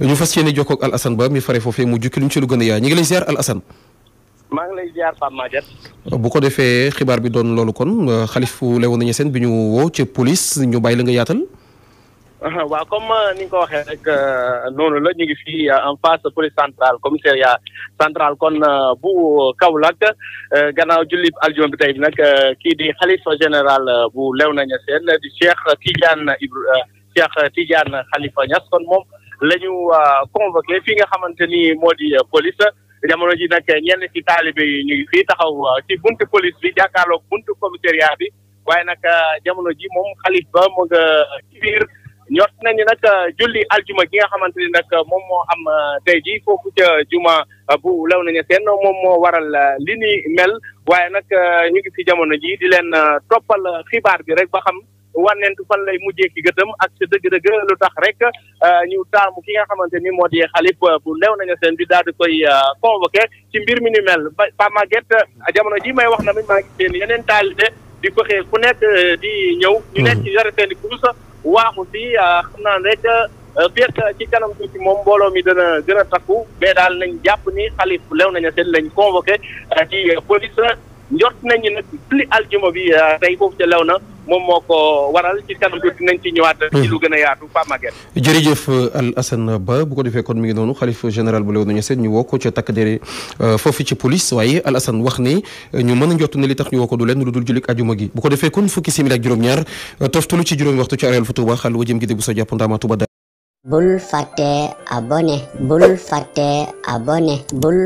ñu fas yéene jokkoo ak Alassane Ba mi fare foofee mu jukki lu ci lu gën a yaay ñu ngi lay ziar bu ko defee xibaar bi doon loolu kon xalifu Léona Niassène bi ñu woo ca police ñu bàyyi la nga yaatal. waaw comme euh, ni ko waxee rek euh, noonu la ñu ngi fi euh, en face police centrale commissariat central kon bu Kaolack gannaaw julli aljuma bi tey bi nag kii di xalifa général bu Léona Niassène di Cheikh Tidiane Ibra Cheikh Tidiane Khalifa Niass kon moom. la ñu euh, convoqué fii nga xamante ni moo di euh, police jamono ji nag ñenn ci taalibe yi ñu ngi fii taxaw euh, ci buntu police bi jàkkaarloog buntu commissariat bi waaye nag jamono ji moom xalif ba mu nga ci biir ñor nañu nag julli aljuma ki nga xamante ni nag moom moo am tey ji foofu ca juma bu lew nañu seen moom moo waral li ni mel waaye nag ñu ngi ci jamono ji di leen toppal xibaar bi rek ba xam wànnentu fan lay mujjee ki gëtëm ak sa dëgg-dëgg lu tax rek euh, ñu taamu ki nga xamante ni moo di xalif euh, bu lew nañu seen bi daal di koy euh, convoqué ci mbir mi ni mel ba Pa Maguette jamono ji may wax na mi maa seen yeneen taalibe di fexe ku nekk di ñëw. ñu nekk ci yore seen i kurus waaxu si xam naa rek biet ci kanam tuuti moom mbooloo mi dana gën a takku mais daal nañ jàpp ni xalif lew nañu seen lañ convoqué ci police njort nañ nag pli aljuma bi tey foofu ca lew na. moom moo ko waral ci kanam tuuti nañ ci ñëwaat. ci hmm. lu gën a yaatu Pape Maguette. jërëjëf Al Hassane Ba bu ko defee kon mi ngi noonu xalif général bu Léona Niassène ñu woo ko ca takk dere euh, foofu ci police waaye Al Hassane wax ni ñu mën a njott li tax ñu woo ko du leen lu dul jullit ajuma gi bu ko defee kon fukki simili ak juróom-ñaar euh, toftalu ci juróomi waxtu ci areelu fa Touba xal wajëm gi bu sa jàpp ndaama Touba. bul fàtte abonné. bul fàtte abonné. bul.